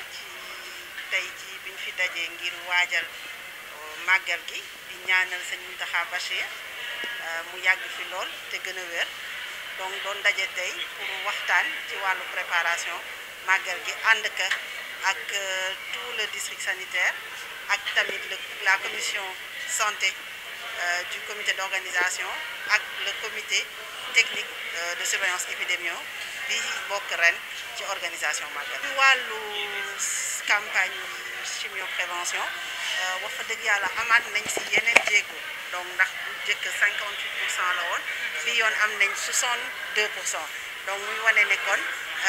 ci tey ji biñ fi dajee ngir waajal euh, màggal gi di ñaanal sëñ Mountakha Bachir euh, mu yàgg fi lool te gën a wér donc doon daje tey pour waxtaan ci wàllu préparation màggal gi ànd ka ak euh, tout le district sanitaire ak tamit la commission santé du comité d'organisation ak le comité technique de surveillance épidémio bi mbokk ren ci organisation màggal ci wàllu campagne chimio prévention euh, wax fa dëgg yàlla amaat nañ si yeneen jéego donc ndax bu njëkk 58 pour cent la woon bi yoon am nañ 62 pour cent donc muy wane nekkoon kon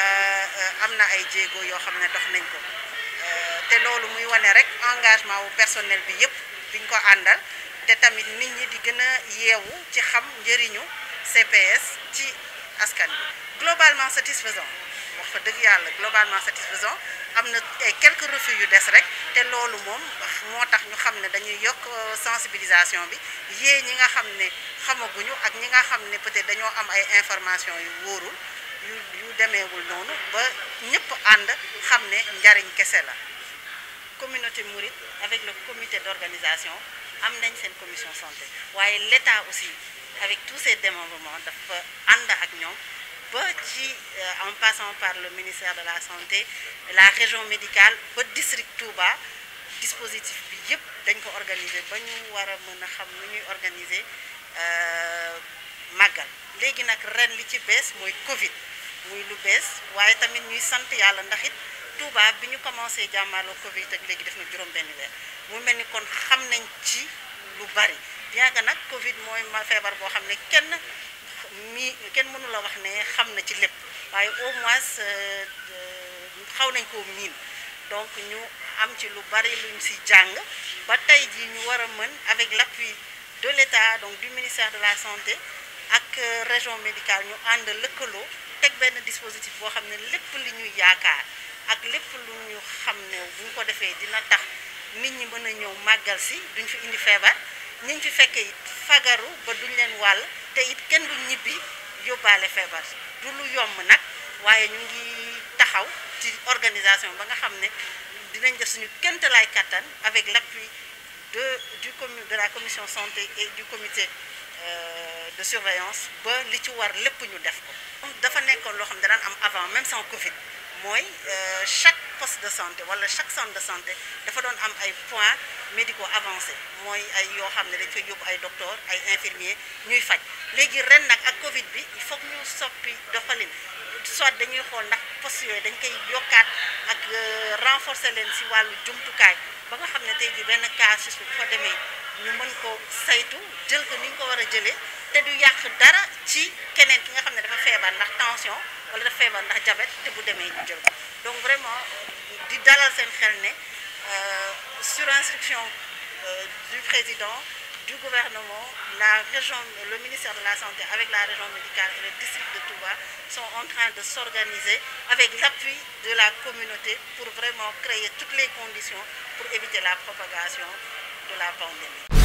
euh, euh, am na ay jéego yoo xam ne dox nañ ko te loolu muy wane rek engagement wu personnel bi yëpp biñ ko àndal te tamit nit ñi di gën a yeewu ci xam njëriñu CPS ci askan globalement satisfaisant wax fa dëgg yàlla globalement satisfaisant am na ay eh, quelques yu des rek te loolu moom moo tax ñu xam ne dañuy yokk euh, sensibilisation bi yée ñi nga xam ne xamaguñu ak ñi nga xam ne peut-être dañoo am ay information yu wóorul yu yu demeewul noonu ba ñëpp ànd xam ne njariñ kese la communauté mouride avec le comité d'organisation am nañ seen commission santé waaye l'État aussi avec tous ses démembrements dafa ànd ak ñoom ba ci euh, en passant par le ministère de la santé la région médicale ba district Touba dispositif bi yëpp dañ ko organiser ba ñu war a mën a xam nu ñuy organiser euh, màggal léegi nag ren li ci bees mooy Covid muy lu bees waaye tamit ñuy sant yàlla ndax it Touba bi ñu commencé jàmmaarloo Covid ak léegi def na juróom-benn weer mu mel ni kon xam nañ ci lu bari yàgg nag Covid mooy feebar boo xam ne kenn. mi kenn mënu wax ne xam na ci lépp waaye au moins euh, euh, xaw nañ ko miin donc ñu am ci lu bari luñ si jàng ba tey ji ñu war a mën avec l'appui de l'État donc du ministère de la santé ak euh, région médicale ñu ànd lëkkaloo teg benn dispositif boo xam ne lépp li ñuy yaakaar ak lépp lu ñu xam ne bu ko defee dina tax nit ñi mën a ñëw màggal si duñ fi indi feebar ñi fi fekkee it fagaru ba duñ leen wàll te it kenn du ñibbi yóbbaale feebar du lu yomb nag waaye ñu ngi taxaw ci organisation ba nga xam ne dinañ def suñu lay kattan avec l'appui de du commu de la commission santé et du commité euh, de surveillance ba li ci war lépp ñu def ko. dafa nekkoon loo xam ne daan am avant même sans Covid mooy euh, chaque poste de santé wala chaque centre de santé dafa doon am ay points médicaux avancé mooy ay yoo xam ne dañ fay yóbbu ay docteurs ay infirmiers ñuy faj. léegi ren nag ak Covid bi il faut ñu soppi doxalin soit dañuy xool ndax poste yooyu dañ koy yokkaat ak euh, renforcer leen si wàllu jumtukaay ba nga xam ne tey jii benn cas su fa demee ñu mën ko saytu jël ko ni ñu ko war a jëlee te du yàq dara ci keneen ki nga xam ne dafa feebar ndax tension wala dafa feebar ndax diabète te bu demee ñu jël donc vraiment di dalal seen xel ne euh, sur instruction euh, du président. du gouvernement, la région, le ministère de la Santé avec la région médicale et le district de Touba sont en train de s'organiser avec l'appui de la communauté pour vraiment créer toutes les conditions pour éviter la propagation de la pandémie.